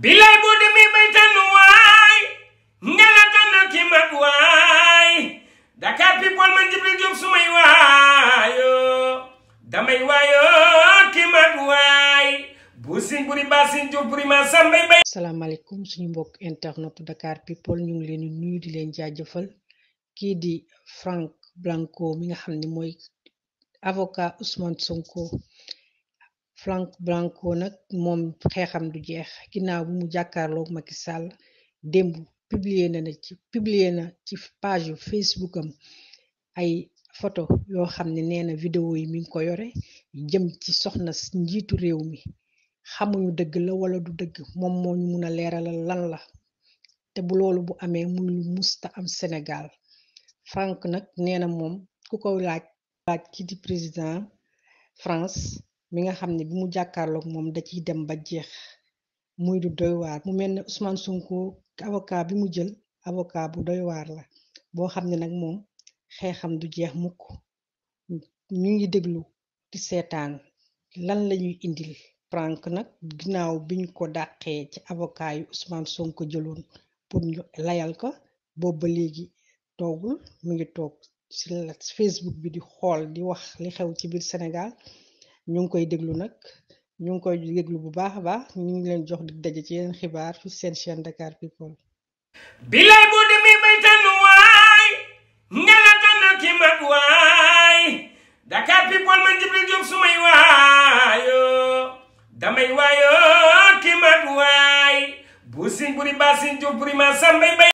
bilay boo demee bay tànn waay nga la waay Dakar People man Jibril Diop sumay waayoo damay waayoo ki mat waay bu sin buri ba sin Diop buri ma sambay bay salaamaaleykum suñu mbokk internet Dakar People ñu leen di di leen jaajëfal kii di Franck Blanco mi nga xam ne mooy avocat Ousmane Sonko Frank Branco nag moom xeexam du jeex ginnaaw bu mu jàkkaarloog Macky Sall démb publier na na ci piblier na ci page yu Facebook ay photo yoo xam ne nee na vidéo yi mi ngi ko yore jëm ci soxna njiitu réew mi xamuñu dëgg la wala du dëgg moom moo ñu mun a leeralal lan la te bu loolu bu amee muy lu musta am Sénégal Frank nag nee na moom ku ko laaj laaj ki di président France mi nga xam ni bi mu jàkkaarloog moom da ciy dem ba jeex muy du doy mu mel ne Ousmane Sonko avocat bi mu jël avocat bu doy la boo xam ne nag moom xeexam du jeex mukk ñu ngi déglu di seetaan lan lañuy indil prank nag ginnaaw biñ ko dàqee ci avocat yu Ousmane Sonko jëloon pour ñu layal ko ba léegi toogul mu ngi toog ci Facebook bi di xool di wax li xew ci biir Sénégal ñu ngi koy déglu nag ñu ngi koy déglu bu baax a baax ñu ngi leen jox dig daje ci yeneen xibaar fi seen chaîne Dakar People. bilay boo demee bay tànn waay nga la tànnal ki mag waay Dakar People man Djibril Diop su may waayoo damay waayoo ki mag waay bu sin buri baasin Diop buri ma sambay bay